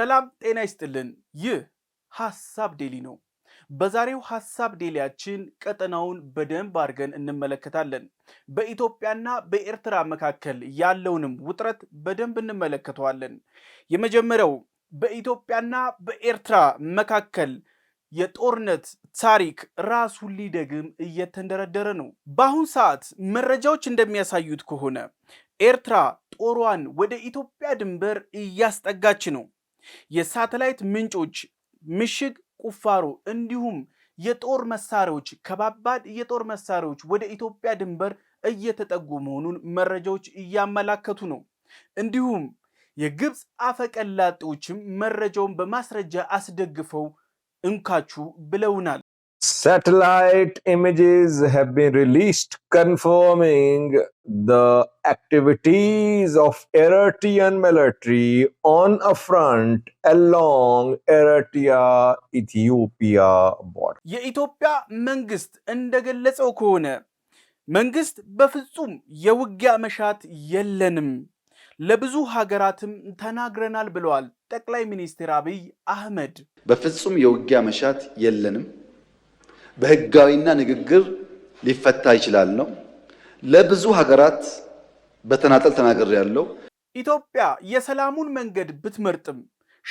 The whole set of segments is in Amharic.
ሰላም ጤና ይስጥልን። ይህ ሀሳብ ዴሊ ነው። በዛሬው ሀሳብ ዴሊያችን ቀጠናውን በደንብ አድርገን እንመለከታለን። በኢትዮጵያና በኤርትራ መካከል ያለውንም ውጥረት በደንብ እንመለከተዋለን። የመጀመሪያው በኢትዮጵያና በኤርትራ መካከል የጦርነት ታሪክ ራሱን ሊደግም እየተንደረደረ ነው። በአሁን ሰዓት መረጃዎች እንደሚያሳዩት ከሆነ ኤርትራ ጦሯን ወደ ኢትዮጵያ ድንበር እያስጠጋች ነው። የሳተላይት ምንጮች ምሽግ ቁፋሮ እንዲሁም የጦር መሳሪያዎች ከባባድ የጦር መሳሪያዎች ወደ ኢትዮጵያ ድንበር እየተጠጉ መሆኑን መረጃዎች እያመላከቱ ነው። እንዲሁም የግብፅ አፈቀላጤዎችም መረጃውን በማስረጃ አስደግፈው እንካችሁ ብለውናል። Satellite images have been released confirming the activities of Eritrean military on a front along Eritrea Ethiopia border. የኢትዮጵያ መንግስት እንደገለጸው ከሆነ መንግስት በፍጹም የውጊያ መሻት የለንም ለብዙ ሀገራትም ተናግረናል ብለዋል ጠቅላይ ሚኒስትር አብይ አህመድ። በፍጹም የውጊያ መሻት የለንም በህጋዊና ንግግር ሊፈታ ይችላል ነው። ለብዙ ሀገራት በተናጠል ተናገር ያለው ኢትዮጵያ የሰላሙን መንገድ ብትመርጥም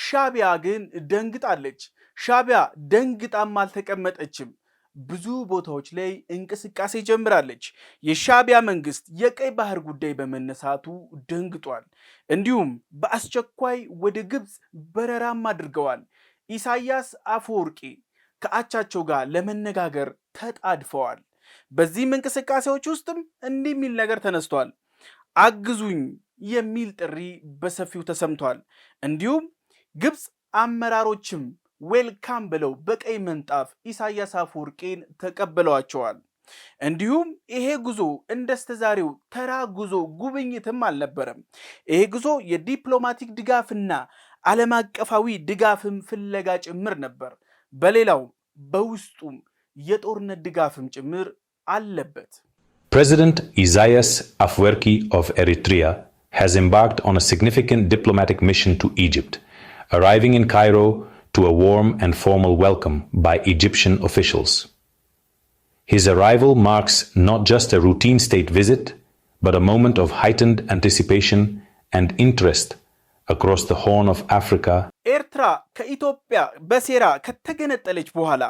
ሻቢያ ግን ደንግጣለች። ሻቢያ ደንግጣም አልተቀመጠችም። ብዙ ቦታዎች ላይ እንቅስቃሴ ጀምራለች። የሻቢያ መንግስት የቀይ ባህር ጉዳይ በመነሳቱ ደንግጧል። እንዲሁም በአስቸኳይ ወደ ግብፅ በረራም አድርገዋል። ኢሳያስ አፈወርቂ ከአቻቸው ጋር ለመነጋገር ተጣድፈዋል። በዚህም እንቅስቃሴዎች ውስጥም እንዲህ የሚል ነገር ተነስቷል። አግዙኝ የሚል ጥሪ በሰፊው ተሰምቷል። እንዲሁም ግብፅ አመራሮችም ዌልካም ብለው በቀይ ምንጣፍ ኢሳያስ አፈወርቂን ተቀብለዋቸዋል። እንዲሁም ይሄ ጉዞ እንደስተዛሬው ተራ ጉዞ ጉብኝትም አልነበረም። ይሄ ጉዞ የዲፕሎማቲክ ድጋፍና ዓለም አቀፋዊ ድጋፍም ፍለጋ ጭምር ነበር። በሌላው President የጦርነት Afwerki of Eritrea has embarked on a significant diplomatic mission to Egypt, arriving in Cairo to a warm and formal welcome by Egyptian officials. His arrival marks not just a routine state visit, but a moment of heightened anticipation and interest ኤርትራ ከኢትዮጵያ በሴራ ከተገነጠለች በኋላ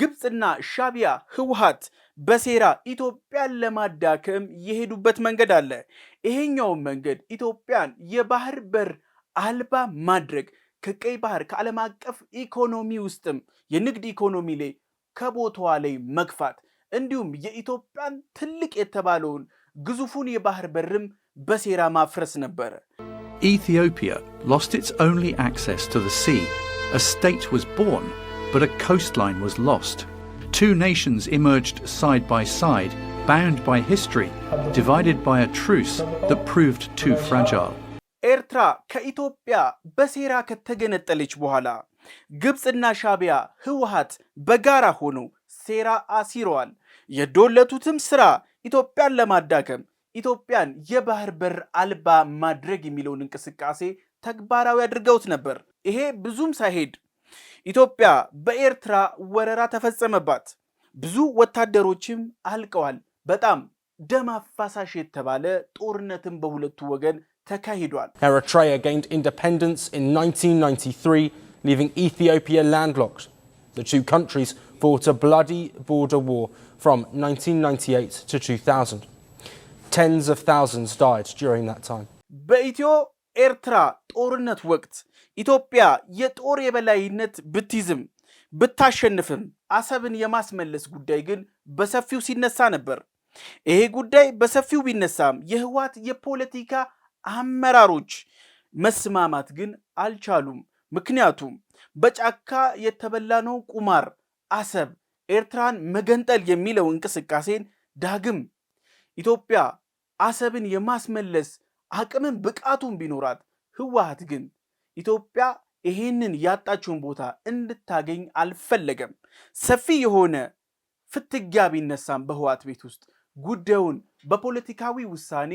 ግብፅና ሻቢያ ህወሀት በሴራ ኢትዮጵያን ለማዳከም የሄዱበት መንገድ አለ። ይሄኛውን መንገድ ኢትዮጵያን የባህር በር አልባ ማድረግ ከቀይ ባህር ከዓለም አቀፍ ኢኮኖሚ ውስጥም የንግድ ኢኮኖሚ ላይ ከቦታዋ ላይ መግፋት እንዲሁም የኢትዮጵያን ትልቅ የተባለውን ግዙፉን የባህር በርም በሴራ ማፍረስ ነበረ። Ethiopia lost its only access to the sea. A state was born, but a coastline was lost. Two nations emerged side by side, bound by history, divided by a truce that proved too fragile. ኤርትራ ከኢትዮጵያ በሴራ ከተገነጠለች በኋላ ግብፅና ሻቢያ ህወሀት በጋራ ሆነው ሴራ አሲረዋል። የዶለቱትም ስራ ኢትዮጵያን ለማዳከም ኢትዮጵያን የባህር በር አልባ ማድረግ የሚለውን እንቅስቃሴ ተግባራዊ አድርገውት ነበር። ይሄ ብዙም ሳይሄድ ኢትዮጵያ በኤርትራ ወረራ ተፈጸመባት። ብዙ ወታደሮችም አልቀዋል። በጣም ደም አፋሳሽ የተባለ ጦርነትም በሁለቱ ወገን ተካሂዷል። ኤርትራ gained independence in 1993 leaving Ethiopia landlocked. The 1998 2000. tens of thousands died during that time. በኢትዮ ኤርትራ ጦርነት ወቅት ኢትዮጵያ የጦር የበላይነት ብትይዝም ብታሸንፍም አሰብን የማስመለስ ጉዳይ ግን በሰፊው ሲነሳ ነበር። ይሄ ጉዳይ በሰፊው ቢነሳም የህወሓት የፖለቲካ አመራሮች መስማማት ግን አልቻሉም። ምክንያቱም በጫካ የተበላነው ቁማር አሰብ ኤርትራን መገንጠል የሚለው እንቅስቃሴን ዳግም ኢትዮጵያ አሰብን የማስመለስ አቅምን ብቃቱን ቢኖራት ህወሓት ግን ኢትዮጵያ ይሄንን ያጣችውን ቦታ እንድታገኝ አልፈለገም። ሰፊ የሆነ ፍትጊያ ቢነሳም በህወሓት ቤት ውስጥ ጉዳዩን በፖለቲካዊ ውሳኔ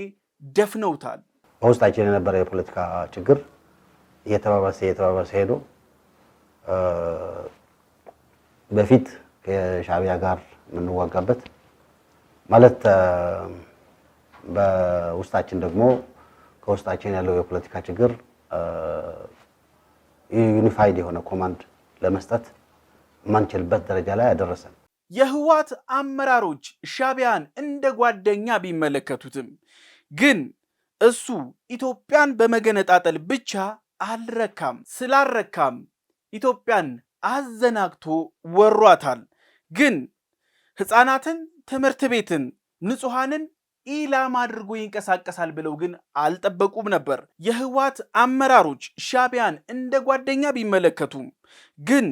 ደፍነውታል። በውስጣችን የነበረ የፖለቲካ ችግር እየተባባሰ እየተባባሰ ሄዶ በፊት ከሻቢያ ጋር የምንዋጋበት ማለት በውስጣችን ደግሞ ከውስጣችን ያለው የፖለቲካ ችግር ዩኒፋይድ የሆነ ኮማንድ ለመስጠት የማንችልበት ደረጃ ላይ ያደረሰን። የህወሓት አመራሮች ሻቢያን እንደ ጓደኛ ቢመለከቱትም ግን እሱ ኢትዮጵያን በመገነጣጠል ብቻ አልረካም። ስላልረካም ኢትዮጵያን አዘናግቶ ወሯታል። ግን ህፃናትን ትምህርት ቤትን፣ ንጹሐንን ኢላማ አድርጎ ይንቀሳቀሳል ብለው ግን አልጠበቁም ነበር። የህወሓት አመራሮች ሻቢያን እንደ ጓደኛ ቢመለከቱም ግን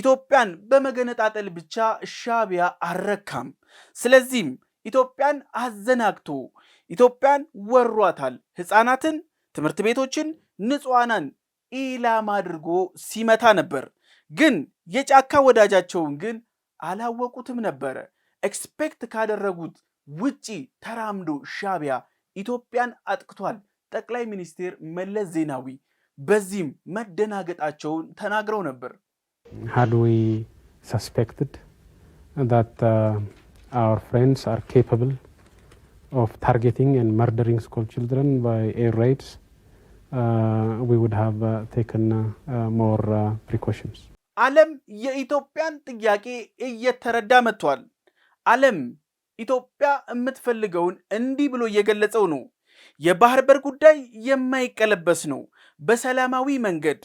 ኢትዮጵያን በመገነጣጠል ብቻ ሻቢያ አልረካም። ስለዚህም ኢትዮጵያን አዘናግቶ ኢትዮጵያን ወሯታል። ህፃናትን፣ ትምህርት ቤቶችን፣ ንጹሐናን ኢላማ አድርጎ ሲመታ ነበር። ግን የጫካ ወዳጃቸውን ግን አላወቁትም ነበረ። ኤክስፔክት ካደረጉት ውጪ ተራምዶ ሻቢያ ኢትዮጵያን አጥቅቷል ጠቅላይ ሚኒስትር መለስ ዜናዊ በዚህም መደናገጣቸውን ተናግረው ነበር። ሃድ ዊ ሰስፔክትድ ዛት አወር ፍሬንድስ አር ኬፓብል ኦፍ ታርጌቲንግ ኤንድ መርደሪንግ ስኩል ችልድረን ባይ ኤር ሬይድስ ዊ ውድ ሃቭ ቴክን ሞር ፕሪኮሽንስ። ዓለም የኢትዮጵያን ጥያቄ እየተረዳ መጥቷል። አለም ኢትዮጵያ የምትፈልገውን እንዲህ ብሎ እየገለጸው ነው። የባህር በር ጉዳይ የማይቀለበስ ነው። በሰላማዊ መንገድ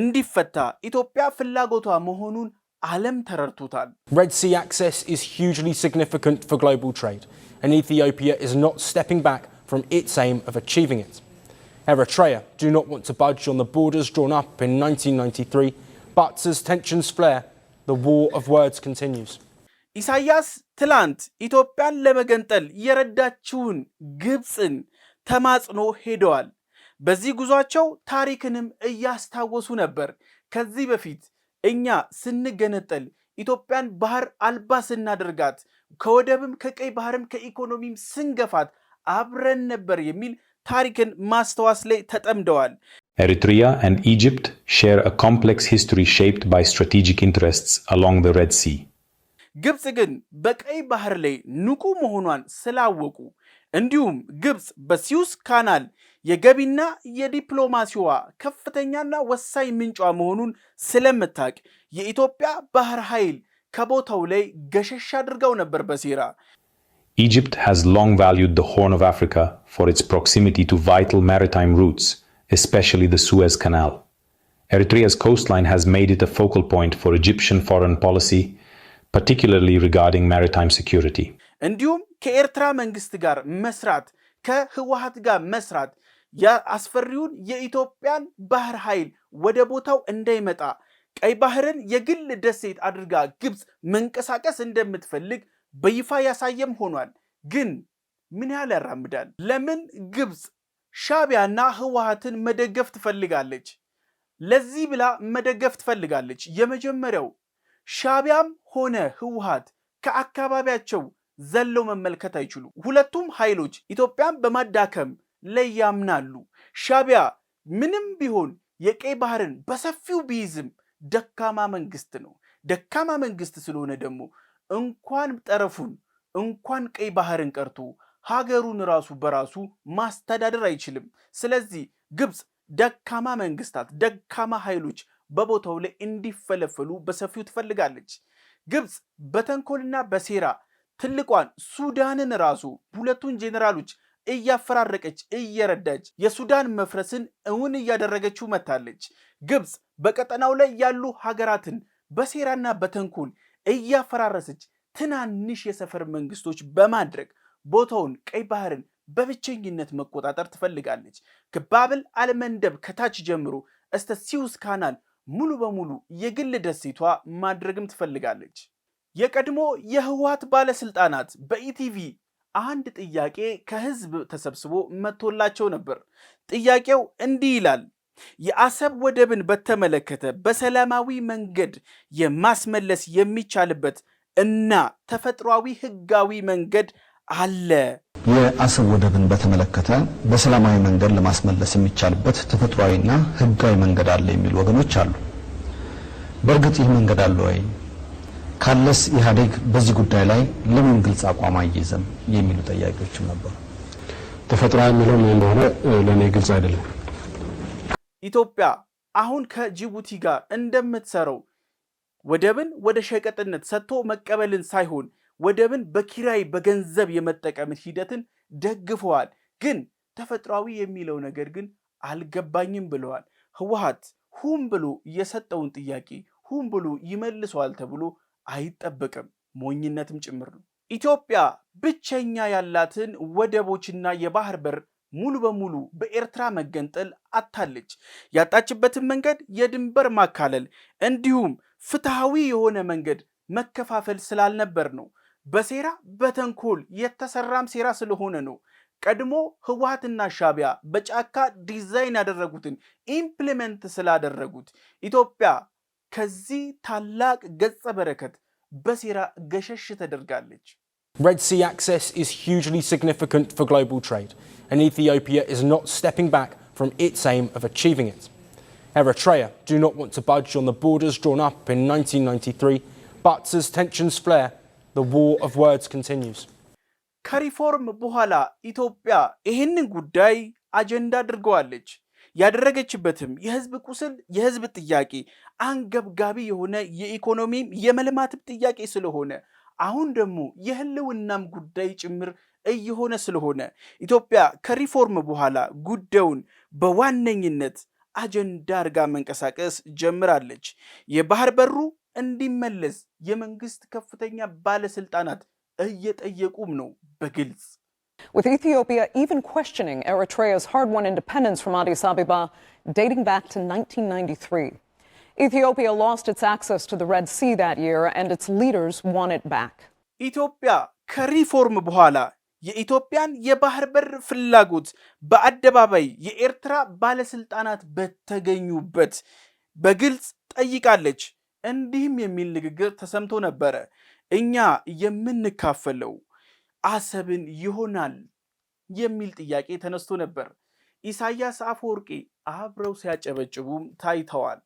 እንዲፈታ ኢትዮጵያ ፍላጎቷ መሆኑን አለም ተረድቶታል። ሬድ ሲ አክሰስ ኢዝ ሂውጅሊ ሲግኒፊካንት ፎር ግሎባል ትሬድ ኤንድ ኢትዮጵያ ኢዝ ኖት ስቴፒንግ ባክ ፍሮም ኢትስ ኤይም ኦፍ አቺቪንግ ኢት ኤርትራያ ዱ ኖት ዋንት ቱ ባጅ ኦን ዘ ቦርደርስ ድሮን አፕ ኢን 1993 ኢሳያስ ትላንት ኢትዮጵያን ለመገንጠል የረዳችውን ግብፅን ተማጽኖ ሄደዋል። በዚህ ጉዟቸው ታሪክንም እያስታወሱ ነበር። ከዚህ በፊት እኛ ስንገነጠል ኢትዮጵያን ባህር አልባ ስናደርጋት ከወደብም ከቀይ ባህርም ከኢኮኖሚም ስንገፋት አብረን ነበር የሚል ታሪክን ማስታወስ ላይ ተጠምደዋል። ኤሪትሪያ ኤንድ ኢጅፕት ሼር አ ኮምፕሌክስ ሂስቶሪ ሼፕድ ባይ ስትራቴጂክ ኢንትረስትስ አሎንግ ዘ ሬድ ሲ ግብፅ ግን በቀይ ባህር ላይ ንቁ መሆኗን ስላወቁ እንዲሁም ግብፅ በሲዩስ ካናል የገቢና የዲፕሎማሲዋ ከፍተኛና ወሳኝ ምንጯ መሆኑን ስለምታቅ የኢትዮጵያ ባህር ኃይል ከቦታው ላይ ገሸሽ አድርገው ነበር በሴራ። Egypt has long valued the Horn of Africa for its proximity to vital maritime routes, especially the Suez Canal. Eritrea's coastline has made it a focal point for Egyptian foreign policy particularly regarding maritime security እንዲሁም ከኤርትራ መንግስት ጋር መስራት ከህወሀት ጋር መስራት አስፈሪውን የኢትዮጵያን ባህር ኃይል ወደ ቦታው እንዳይመጣ ቀይ ባህርን የግል ደሴት አድርጋ ግብፅ መንቀሳቀስ እንደምትፈልግ በይፋ ያሳየም ሆኗል። ግን ምን ያህል ያራምዳል? ለምን ግብፅ ሻቢያና ህወሀትን መደገፍ ትፈልጋለች? ለዚህ ብላ መደገፍ ትፈልጋለች። የመጀመሪያው ሻቢያም ሆነ ህወሓት ከአካባቢያቸው ዘለው መመልከት አይችሉም። ሁለቱም ኃይሎች ኢትዮጵያን በማዳከም ላይ ያምናሉ። ሻቢያ ምንም ቢሆን የቀይ ባህርን በሰፊው ቢይዝም ደካማ መንግስት ነው። ደካማ መንግስት ስለሆነ ደግሞ እንኳን ጠረፉን እንኳን ቀይ ባህርን ቀርቶ ሀገሩን ራሱ በራሱ ማስተዳደር አይችልም። ስለዚህ ግብፅ ደካማ መንግስታት፣ ደካማ ኃይሎች በቦታው ላይ እንዲፈለፈሉ በሰፊው ትፈልጋለች። ግብፅ በተንኮልና በሴራ ትልቋን ሱዳንን ራሱ ሁለቱን ጄኔራሎች እያፈራረቀች እየረዳች የሱዳን መፍረስን እውን እያደረገችው መታለች። ግብፅ በቀጠናው ላይ ያሉ ሀገራትን በሴራና በተንኮል እያፈራረሰች ትናንሽ የሰፈር መንግስቶች በማድረግ ቦታውን ቀይ ባህርን በብቸኝነት መቆጣጠር ትፈልጋለች። ከባብል አልመንደብ ከታች ጀምሮ እስተ ሲውስ ካናል ሙሉ በሙሉ የግል ደሴቷ ማድረግም ትፈልጋለች። የቀድሞ የህወሓት ባለስልጣናት በኢቲቪ አንድ ጥያቄ ከህዝብ ተሰብስቦ መጥቶላቸው ነበር። ጥያቄው እንዲህ ይላል። የአሰብ ወደብን በተመለከተ በሰላማዊ መንገድ የማስመለስ የሚቻልበት እና ተፈጥሯዊ ህጋዊ መንገድ አለ። የአሰብ ወደብን በተመለከተ በሰላማዊ መንገድ ለማስመለስ የሚቻልበት ተፈጥሯዊና ሕጋዊ መንገድ አለ የሚሉ ወገኖች አሉ። በእርግጥ ይህ መንገድ አለ ወይ? ካለስ ኢህአዴግ በዚህ ጉዳይ ላይ ለምን ግልጽ አቋም አይይዝም? የሚሉ ጥያቄዎችም ነበሩ። ተፈጥሯዊ የሚለው ምን እንደሆነ ለእኔ ግልጽ አይደለም። ኢትዮጵያ አሁን ከጅቡቲ ጋር እንደምትሰራው ወደብን ወደ ሸቀጥነት ሰጥቶ መቀበልን ሳይሆን ወደብን በኪራይ በገንዘብ የመጠቀምን ሂደትን ደግፈዋል። ግን ተፈጥሯዊ የሚለው ነገር ግን አልገባኝም ብለዋል። ህወሓት ሁም ብሎ የሰጠውን ጥያቄ ሁም ብሎ ይመልሰዋል ተብሎ አይጠበቅም፣ ሞኝነትም ጭምር ነው። ኢትዮጵያ ብቸኛ ያላትን ወደቦችና የባህር በር ሙሉ በሙሉ በኤርትራ መገንጠል አታለች። ያጣችበትን መንገድ የድንበር ማካለል እንዲሁም ፍትሐዊ የሆነ መንገድ መከፋፈል ስላልነበር ነው። በሴራ በተንኮል የተሰራም ሴራ ስለሆነ ነው። ቀድሞ ህወሓትና ሻቢያ በጫካ ዲዛይን ያደረጉትን ኢምፕሊመንት ስላደረጉት ኢትዮጵያ ከዚህ ታላቅ ገጸ በረከት በሴራ ገሸሽ ተደርጋለች። ሬድ ሲ አክሰስ ኢዝ ሂውጅሊ ሲግኒፊካንት ፎር ግሎባል ትሬድ ኤንድ ኢትዮጵያ ኢዝ ኖት ስቴፒንግ ባክ ፍሮም ኢትስ ኤም ኦፍ አቺቪንግ ኢት ኤርትራ ዱ ኖት ዋንት ቱ ባጅ ኦን ቦርደርስ ድሮን አፕ ኢን 1993 ባት አዝ ቴንሽንስ ፍሌር The ከሪፎርም በኋላ ኢትዮጵያ ይህንን ጉዳይ አጀንዳ አድርገዋለች። ያደረገችበትም የህዝብ ቁስል፣ የህዝብ ጥያቄ፣ አንገብጋቢ የሆነ የኢኮኖሚም የመልማትም ጥያቄ ስለሆነ አሁን ደግሞ የህልውናም ጉዳይ ጭምር እየሆነ ስለሆነ ኢትዮጵያ ከሪፎርም በኋላ ጉዳዩን በዋነኝነት አጀንዳ አድርጋ መንቀሳቀስ ጀምራለች። የባህር በሩ እንዲመለስ የመንግስት ከፍተኛ ባለስልጣናት እየጠየቁም ነው በግልጽ With Ethiopia even questioning Eritrea's hard-won independence from Addis Ababa dating back to 1993. Ethiopia lost its access to the Red Sea that year and its leaders want it back. ኢትዮጵያ ከሪፎርም በኋላ የኢትዮጵያን የባህር በር ፍላጎት በአደባባይ የኤርትራ ባለስልጣናት በተገኙበት በግልጽ ጠይቃለች። እንዲህም የሚል ንግግር ተሰምቶ ነበረ። እኛ የምንካፈለው አሰብን ይሆናል የሚል ጥያቄ ተነስቶ ነበር። ኢሳያስ አፈወርቂ አብረው ሲያጨበጭቡም ታይተዋል።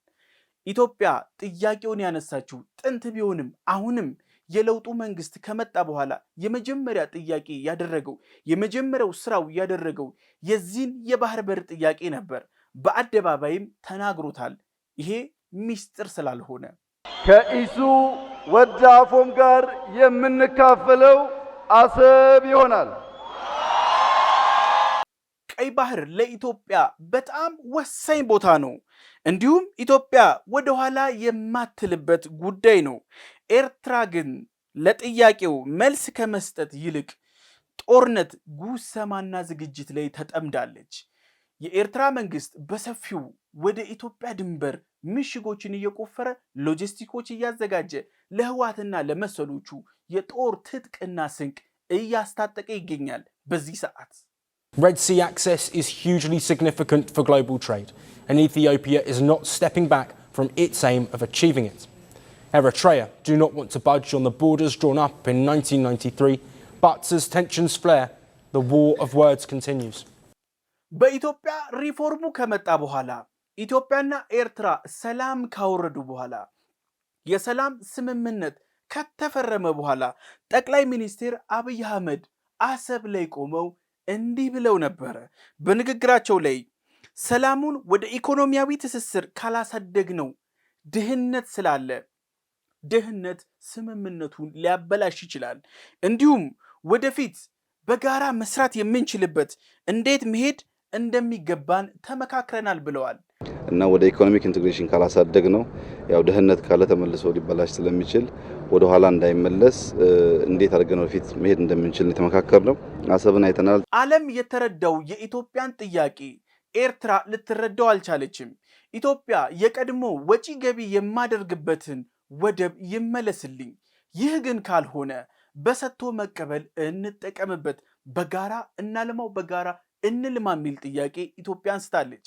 ኢትዮጵያ ጥያቄውን ያነሳችው ጥንት ቢሆንም አሁንም የለውጡ መንግስት ከመጣ በኋላ የመጀመሪያ ጥያቄ ያደረገው የመጀመሪያው ስራው ያደረገው የዚህን የባህር በር ጥያቄ ነበር። በአደባባይም ተናግሮታል። ይሄ ሚስጥር ስላልሆነ ከኢሱ ወዳፎም ጋር የምንካፈለው አሰብ ይሆናል። ቀይ ባህር ለኢትዮጵያ በጣም ወሳኝ ቦታ ነው። እንዲሁም ኢትዮጵያ ወደኋላ የማትልበት ጉዳይ ነው። ኤርትራ ግን ለጥያቄው መልስ ከመስጠት ይልቅ ጦርነት፣ ጉሰማና ዝግጅት ላይ ተጠምዳለች። የኤርትራ መንግስት በሰፊው ወደ ኢትዮጵያ ድንበር ምሽጎችን እየቆፈረ ሎጂስቲኮች እያዘጋጀ ለህወሓትና ለመሰሎቹ የጦር ትጥቅና ስንቅ እያስታጠቀ ይገኛል። በዚህ ሰዓት Red Sea access is hugely significant for global trade and Ethiopia is not stepping back from its aim of achieving it. Eritrea do not want to budge on the borders drawn up in 1993, but as tensions flare, the war of words continues. በኢትዮጵያ ሪፎርሙ ከመጣ በኋላ ኢትዮጵያና ኤርትራ ሰላም ካወረዱ በኋላ የሰላም ስምምነት ከተፈረመ በኋላ ጠቅላይ ሚኒስትር አብይ አህመድ አሰብ ላይ ቆመው እንዲህ ብለው ነበረ። በንግግራቸው ላይ ሰላሙን ወደ ኢኮኖሚያዊ ትስስር ካላሳደግ ነው ድህነት ስላለ ድህነት ስምምነቱን ሊያበላሽ ይችላል። እንዲሁም ወደፊት በጋራ መስራት የምንችልበት እንዴት መሄድ እንደሚገባን ተመካክረናል ብለዋል። እና ወደ ኢኮኖሚክ ኢንቴግሬሽን ካላሳደግ ነው ያው ድህነት ካለ ተመልሶ ሊበላሽ ስለሚችል ወደ ኋላ እንዳይመለስ እንዴት አድርገን ወደፊት መሄድ እንደምንችል የተመካከር ነው። አሰብን አይተናል። ዓለም የተረዳው የኢትዮጵያን ጥያቄ ኤርትራ ልትረዳው አልቻለችም። ኢትዮጵያ የቀድሞ ወጪ ገቢ የማደርግበትን ወደብ ይመለስልኝ፣ ይህ ግን ካልሆነ በሰጥቶ መቀበል እንጠቀምበት፣ በጋራ እናልማው፣ በጋራ እንልማ የሚል ጥያቄ ኢትዮጵያ አንስታለች።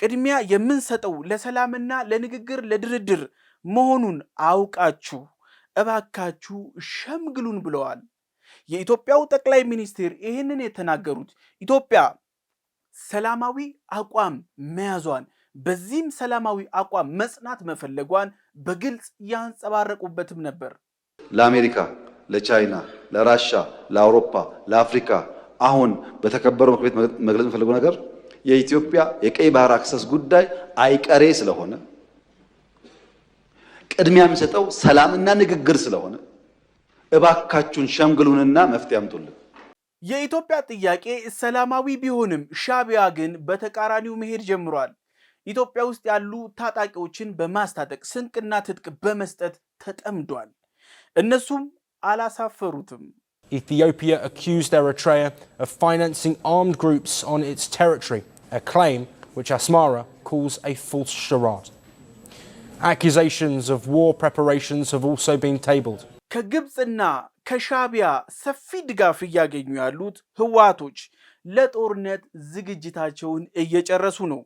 ቅድሚያ የምንሰጠው ለሰላምና ለንግግር ለድርድር መሆኑን አውቃችሁ እባካችሁ ሸምግሉን ብለዋል። የኢትዮጵያው ጠቅላይ ሚኒስትር ይህንን የተናገሩት ኢትዮጵያ ሰላማዊ አቋም መያዟን በዚህም ሰላማዊ አቋም መጽናት መፈለጓን በግልጽ ያንጸባረቁበትም ነበር። ለአሜሪካ፣ ለቻይና፣ ለራሻ፣ ለአውሮፓ፣ ለአፍሪካ አሁን በተከበረው ምክር ቤት መግለጽ መፈለጉ ነገር የኢትዮጵያ የቀይ ባህር አክሰስ ጉዳይ አይቀሬ ስለሆነ ቅድሚያ የሚሰጠው ሰላምና ንግግር ስለሆነ እባካችሁን ሸምግሉንና መፍትሄ አምጡልን። የኢትዮጵያ ጥያቄ ሰላማዊ ቢሆንም ሻቢያ ግን በተቃራኒው መሄድ ጀምሯል። ኢትዮጵያ ውስጥ ያሉ ታጣቂዎችን በማስታጠቅ ስንቅና ትጥቅ በመስጠት ተጠምዷል። እነሱም አላሳፈሩትም። ኢትዮጵያ accused ኤርትራ ኦፍ ፋይናንሲንግ አርምድ ግሩፕስ ኦን ኢትስ ቴሪቶሪ a claim which Asmara calls a false charade. Accusations of war preparations have also been tabled. ከግብፅና ከሻቢያ ሰፊ ድጋፍ እያገኙ ያሉት ህዋቶች ለጦርነት ዝግጅታቸውን እየጨረሱ ነው።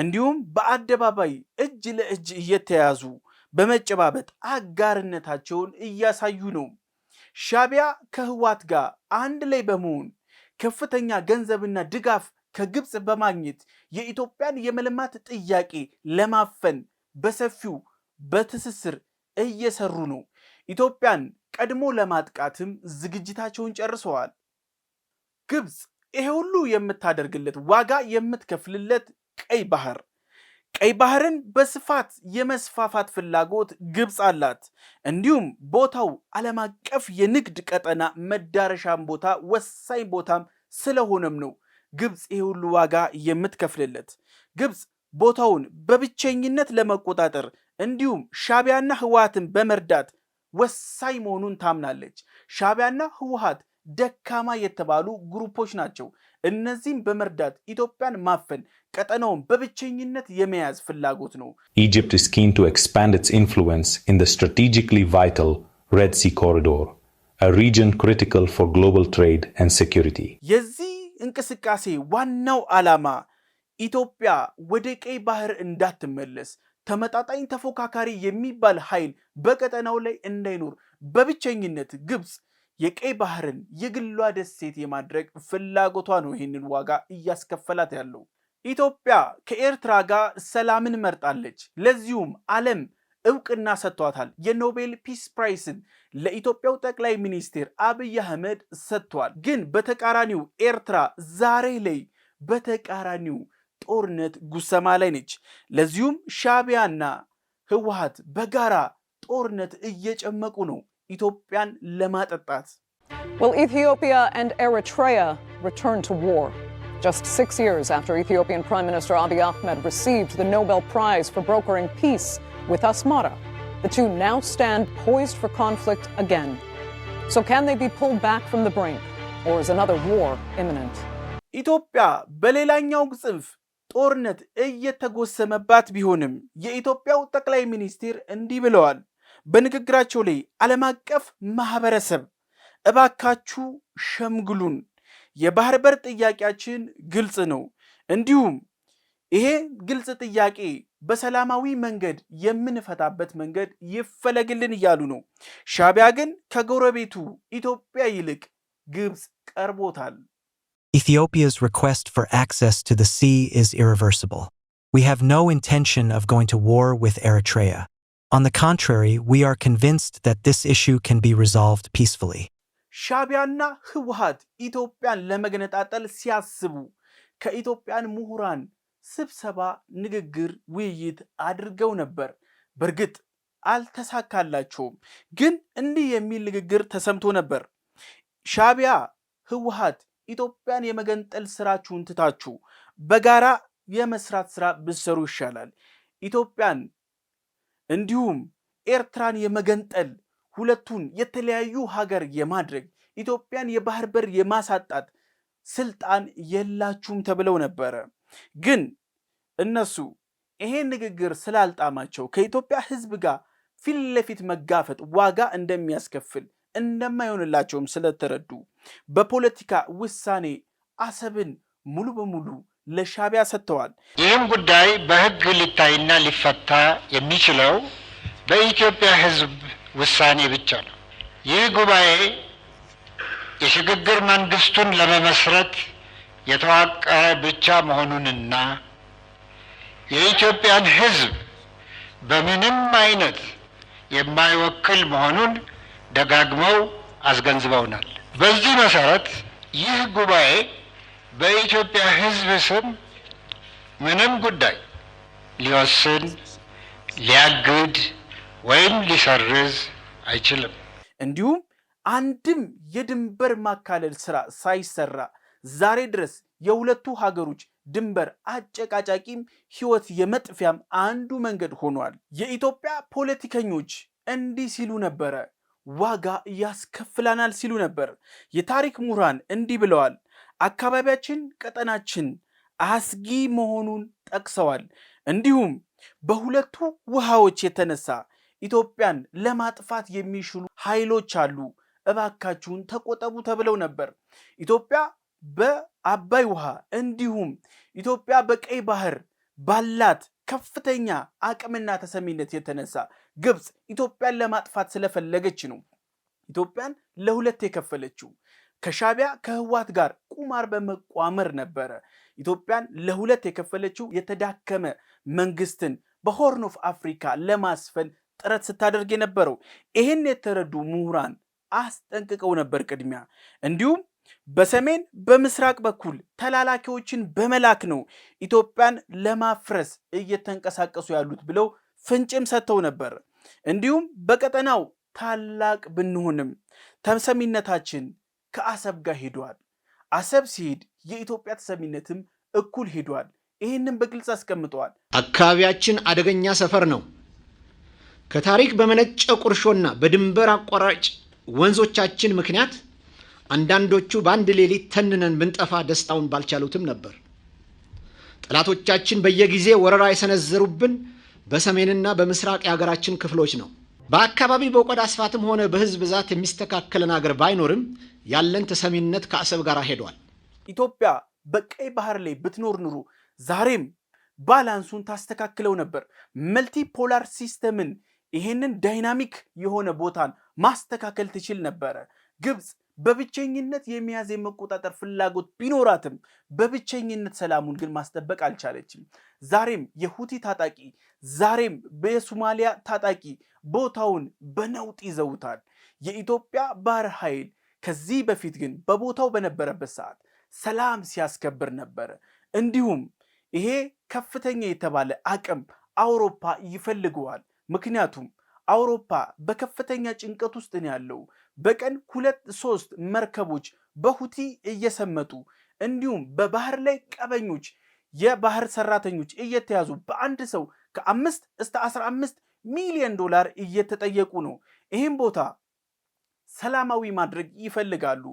እንዲሁም በአደባባይ እጅ ለእጅ እየተያዙ በመጨባበጥ አጋርነታቸውን እያሳዩ ነው። ሻቢያ ከህዋት ጋር አንድ ላይ በመሆን ከፍተኛ ገንዘብና ድጋፍ ከግብፅ በማግኘት የኢትዮጵያን የመልማት ጥያቄ ለማፈን በሰፊው በትስስር እየሰሩ ነው። ኢትዮጵያን ቀድሞ ለማጥቃትም ዝግጅታቸውን ጨርሰዋል። ግብፅ ይሄ ሁሉ የምታደርግለት ዋጋ የምትከፍልለት ቀይ ባህር ቀይ ባህርን በስፋት የመስፋፋት ፍላጎት ግብፅ አላት። እንዲሁም ቦታው ዓለም አቀፍ የንግድ ቀጠና መዳረሻም ቦታ ወሳኝ ቦታም ስለሆነም ነው ግብፅ ይህ ሁሉ ዋጋ የምትከፍልለት ግብፅ ቦታውን በብቸኝነት ለመቆጣጠር እንዲሁም ሻቢያና ህወሀትን በመርዳት ወሳኝ መሆኑን ታምናለች። ሻቢያና ህወሀት ደካማ የተባሉ ግሩፖች ናቸው። እነዚህም በመርዳት ኢትዮጵያን ማፈን፣ ቀጠናውን በብቸኝነት የመያዝ ፍላጎት ነው። ኢጅፕት is keen to expand its influence in the strategically vital Red Sea corridor, a region critical for global trade and security የዚህ እንቅስቃሴ ዋናው ዓላማ ኢትዮጵያ ወደ ቀይ ባህር እንዳትመለስ ተመጣጣኝ ተፎካካሪ የሚባል ኃይል በቀጠናው ላይ እንዳይኖር በብቸኝነት ግብፅ የቀይ ባህርን የግሏ ደሴት የማድረግ ፍላጎቷ ነው ይህንን ዋጋ እያስከፈላት ያለው። ኢትዮጵያ ከኤርትራ ጋር ሰላምን መርጣለች። ለዚሁም ዓለም እውቅና ሰጥቷታል። የኖቤል ፒስ ፕራይስን ለኢትዮጵያው ጠቅላይ ሚኒስትር አብይ አህመድ ሰጥቷል። ግን በተቃራኒው ኤርትራ ዛሬ ላይ በተቃራኒው ጦርነት ጉሰማ ላይ ነች። ለዚሁም ሻዕቢያና ህወሓት በጋራ ጦርነት እየጨመቁ ነው ኢትዮጵያን ለማጠጣት። Will Ethiopia and Eritrea return to war? Just six years after Ethiopian Prime Minister Abiy Ahmed received the Nobel Prize for brokering peace with Asmara. The two now stand poised for conflict again. So can they be pulled back from the brink, or is another war imminent? ኢትዮጵያ በሌላኛው ጽንፍ ጦርነት እየተጎሰመባት ቢሆንም የኢትዮጵያው ጠቅላይ ሚኒስትር እንዲህ ብለዋል። በንግግራቸው ላይ ዓለም አቀፍ ማህበረሰብ እባካችሁ ሸምግሉን፣ የባህር በር ጥያቄያችን ግልጽ ነው። እንዲሁም ይሄ ግልጽ ጥያቄ Ethiopia's request for access to the sea is irreversible. We have no intention of going to war with Eritrea. On the contrary, we are convinced that this issue can be resolved peacefully. ሻዕቢያና ህወሓት ኢትዮጵያን ለመገነጣጠል ሲያስቡ ከኢትዮጵያን ምሁራን ስብሰባ፣ ንግግር፣ ውይይት አድርገው ነበር። በእርግጥ አልተሳካላቸውም። ግን እንዲህ የሚል ንግግር ተሰምቶ ነበር። ሻቢያ ህወሓት ኢትዮጵያን የመገንጠል ስራችሁን ትታችሁ በጋራ የመስራት ስራ ብትሰሩ ይሻላል። ኢትዮጵያን እንዲሁም ኤርትራን የመገንጠል ሁለቱን የተለያዩ ሀገር የማድረግ ኢትዮጵያን የባህር በር የማሳጣት ስልጣን የላችሁም ተብለው ነበረ። ግን እነሱ ይሄን ንግግር ስላልጣማቸው ከኢትዮጵያ ሕዝብ ጋር ፊት ለፊት መጋፈጥ ዋጋ እንደሚያስከፍል እንደማይሆንላቸውም ስለተረዱ በፖለቲካ ውሳኔ አሰብን ሙሉ በሙሉ ለሻቢያ ሰጥተዋል። ይህም ጉዳይ በህግ ሊታይና ሊፈታ የሚችለው በኢትዮጵያ ህዝብ ውሳኔ ብቻ ነው። ይህ ጉባኤ የሽግግር መንግስቱን ለመመስረት የተዋቀረ ብቻ መሆኑንና የኢትዮጵያን ሕዝብ በምንም አይነት የማይወክል መሆኑን ደጋግመው አስገንዝበውናል። በዚህ መሰረት ይህ ጉባኤ በኢትዮጵያ ሕዝብ ስም ምንም ጉዳይ ሊወስን፣ ሊያግድ ወይም ሊሰርዝ አይችልም። እንዲሁም አንድም የድንበር ማካለል ስራ ሳይሰራ ዛሬ ድረስ የሁለቱ ሀገሮች ድንበር አጨቃጫቂም ህይወት የመጥፊያም አንዱ መንገድ ሆኗል። የኢትዮጵያ ፖለቲከኞች እንዲህ ሲሉ ነበረ፣ ዋጋ ያስከፍላናል ሲሉ ነበር። የታሪክ ምሁራን እንዲህ ብለዋል፣ አካባቢያችን፣ ቀጠናችን አስጊ መሆኑን ጠቅሰዋል። እንዲሁም በሁለቱ ውሃዎች የተነሳ ኢትዮጵያን ለማጥፋት የሚችሉ ኃይሎች አሉ፣ እባካችሁን ተቆጠቡ ተብለው ነበር። ኢትዮጵያ በአባይ ውሃ እንዲሁም ኢትዮጵያ በቀይ ባህር ባላት ከፍተኛ አቅምና ተሰሚነት የተነሳ ግብፅ ኢትዮጵያን ለማጥፋት ስለፈለገች ነው ኢትዮጵያን ለሁለት የከፈለችው። ከሻቢያ ከህዋት ጋር ቁማር በመቋመር ነበረ ኢትዮጵያን ለሁለት የከፈለችው። የተዳከመ መንግስትን በሆርን ኦፍ አፍሪካ ለማስፈን ጥረት ስታደርግ የነበረው ይህን የተረዱ ምሁራን አስጠንቅቀው ነበር ቅድሚያ እንዲሁም በሰሜን በምስራቅ በኩል ተላላኪዎችን በመላክ ነው ኢትዮጵያን ለማፍረስ እየተንቀሳቀሱ ያሉት ብለው ፍንጭም ሰጥተው ነበር። እንዲሁም በቀጠናው ታላቅ ብንሆንም ተሰሚነታችን ከአሰብ ጋር ሄዷል። አሰብ ሲሄድ የኢትዮጵያ ተሰሚነትም እኩል ሄዷል። ይህንም በግልጽ አስቀምጠዋል። አካባቢያችን አደገኛ ሰፈር ነው። ከታሪክ በመነጨ ቁርሾና በድንበር አቋራጭ ወንዞቻችን ምክንያት አንዳንዶቹ በአንድ ሌሊት ተንነን ብንጠፋ ደስታውን ባልቻሉትም ነበር። ጠላቶቻችን በየጊዜ ወረራ የሰነዘሩብን በሰሜንና በምስራቅ የሀገራችን ክፍሎች ነው። በአካባቢ በቆዳ ስፋትም ሆነ በህዝብ ብዛት የሚስተካከለን አገር ባይኖርም ያለን ተሰሚነት ከአሰብ ጋር ሄዷል። ኢትዮጵያ በቀይ ባህር ላይ ብትኖር ኑሩ ዛሬም ባላንሱን ታስተካክለው ነበር። መልቲ ፖላር ሲስተምን ይሄንን ዳይናሚክ የሆነ ቦታን ማስተካከል ትችል ነበረ ግብፅ በብቸኝነት የመያዝ የመቆጣጠር ፍላጎት ቢኖራትም በብቸኝነት ሰላሙን ግን ማስጠበቅ አልቻለችም። ዛሬም የሁቲ ታጣቂ፣ ዛሬም በሶማሊያ ታጣቂ ቦታውን በነውጥ ይዘውታል። የኢትዮጵያ ባህር ኃይል ከዚህ በፊት ግን በቦታው በነበረበት ሰዓት ሰላም ሲያስከብር ነበረ። እንዲሁም ይሄ ከፍተኛ የተባለ አቅም አውሮፓ ይፈልገዋል። ምክንያቱም አውሮፓ በከፍተኛ ጭንቀት ውስጥ ነው ያለው። በቀን ሁለት ሶስት መርከቦች በሁቲ እየሰመጡ እንዲሁም በባህር ላይ ቀበኞች፣ የባህር ሰራተኞች እየተያዙ በአንድ ሰው ከአምስት እስከ አስራ አምስት ሚሊዮን ዶላር እየተጠየቁ ነው። ይህም ቦታ ሰላማዊ ማድረግ ይፈልጋሉ።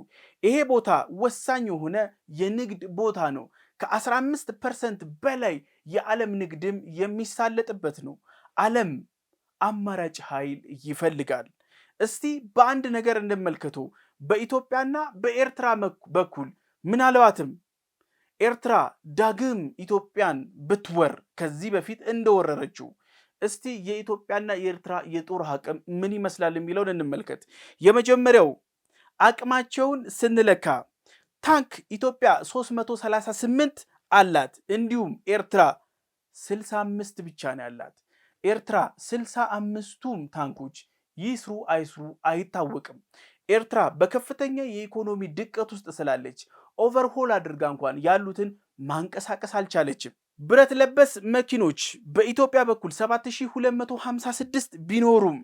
ይሄ ቦታ ወሳኝ የሆነ የንግድ ቦታ ነው። ከ15 ፐርሰንት በላይ የዓለም ንግድም የሚሳለጥበት ነው። ዓለም አማራጭ ኃይል ይፈልጋል። እስቲ በአንድ ነገር እንመልከቱ። በኢትዮጵያና በኤርትራ በኩል ምናልባትም ኤርትራ ዳግም ኢትዮጵያን ብትወር ከዚህ በፊት እንደወረረችው እስቲ የኢትዮጵያና የኤርትራ የጦር አቅም ምን ይመስላል የሚለውን እንመልከት። የመጀመሪያው አቅማቸውን ስንለካ ታንክ ኢትዮጵያ 338 አላት፣ እንዲሁም ኤርትራ 65 ብቻ ነው ያላት። ኤርትራ 65ቱም ታንኮች ይስሩ አይስሩ አይታወቅም። ኤርትራ በከፍተኛ የኢኮኖሚ ድቀት ውስጥ ስላለች ኦቨርሆል አድርጋ እንኳን ያሉትን ማንቀሳቀስ አልቻለችም። ብረት ለበስ መኪኖች በኢትዮጵያ በኩል 7256 ቢኖሩም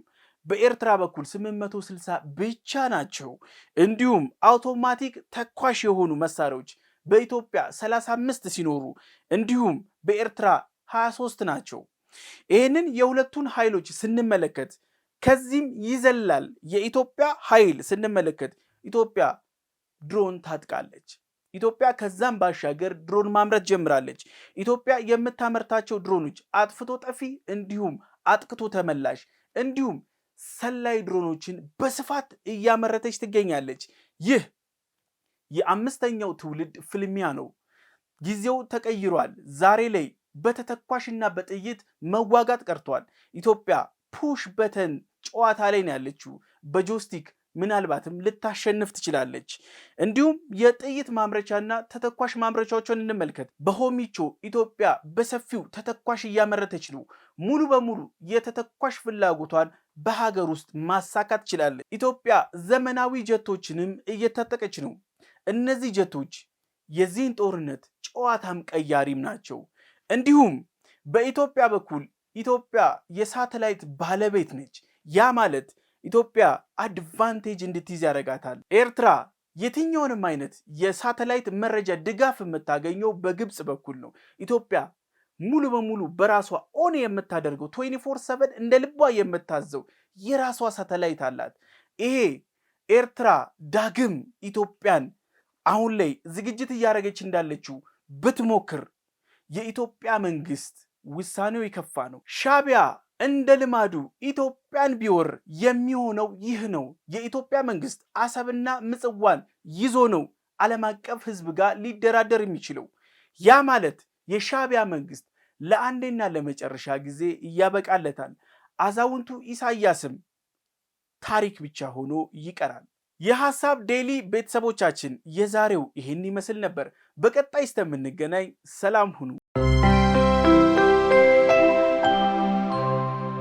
በኤርትራ በኩል 860 ብቻ ናቸው። እንዲሁም አውቶማቲክ ተኳሽ የሆኑ መሳሪያዎች በኢትዮጵያ 35 ሲኖሩ እንዲሁም በኤርትራ 23 ናቸው። ይህንን የሁለቱን ኃይሎች ስንመለከት ከዚህም ይዘላል የኢትዮጵያ ኃይል ስንመለከት ኢትዮጵያ ድሮን ታጥቃለች። ኢትዮጵያ ከዛም ባሻገር ድሮን ማምረት ጀምራለች። ኢትዮጵያ የምታመርታቸው ድሮኖች አጥፍቶ ጠፊ እንዲሁም አጥቅቶ ተመላሽ እንዲሁም ሰላይ ድሮኖችን በስፋት እያመረተች ትገኛለች። ይህ የአምስተኛው ትውልድ ፍልሚያ ነው። ጊዜው ተቀይሯል። ዛሬ ላይ በተተኳሽና በጥይት መዋጋት ቀርቷል። ኢትዮጵያ ፑሽ በተን ጨዋታ ላይ ነው ያለችው። በጆስቲክ ምናልባትም ልታሸንፍ ትችላለች። እንዲሁም የጥይት ማምረቻና ተተኳሽ ማምረቻዎቿን እንመልከት። በሆሚቾ ኢትዮጵያ በሰፊው ተተኳሽ እያመረተች ነው። ሙሉ በሙሉ የተተኳሽ ፍላጎቷን በሀገር ውስጥ ማሳካት ትችላለች። ኢትዮጵያ ዘመናዊ ጀቶችንም እየታጠቀች ነው። እነዚህ ጀቶች የዚህን ጦርነት ጨዋታም ቀያሪም ናቸው። እንዲሁም በኢትዮጵያ በኩል ኢትዮጵያ የሳተላይት ባለቤት ነች። ያ ማለት ኢትዮጵያ አድቫንቴጅ እንድትይዝ ያደርጋታል። ኤርትራ የትኛውንም አይነት የሳተላይት መረጃ ድጋፍ የምታገኘው በግብፅ በኩል ነው። ኢትዮጵያ ሙሉ በሙሉ በራሷ ኦን የምታደርገው 24/7 እንደ ልቧ የምታዘው የራሷ ሳተላይት አላት። ይሄ ኤርትራ ዳግም ኢትዮጵያን አሁን ላይ ዝግጅት እያደረገች እንዳለችው ብትሞክር የኢትዮጵያ መንግስት ውሳኔው የከፋ ነው። ሻቢያ እንደ ልማዱ ኢትዮጵያን ቢወር የሚሆነው ይህ ነው። የኢትዮጵያ መንግስት አሰብና ምጽዋን ይዞ ነው ዓለም አቀፍ ህዝብ ጋር ሊደራደር የሚችለው። ያ ማለት የሻቢያ መንግስት ለአንዴና ለመጨረሻ ጊዜ እያበቃለታል። አዛውንቱ ኢሳያስም ታሪክ ብቻ ሆኖ ይቀራል። የሀሳብ ዴይሊ ቤተሰቦቻችን የዛሬው ይህን ይመስል ነበር። በቀጣይ እስከምንገናኝ ሰላም ሁኑ።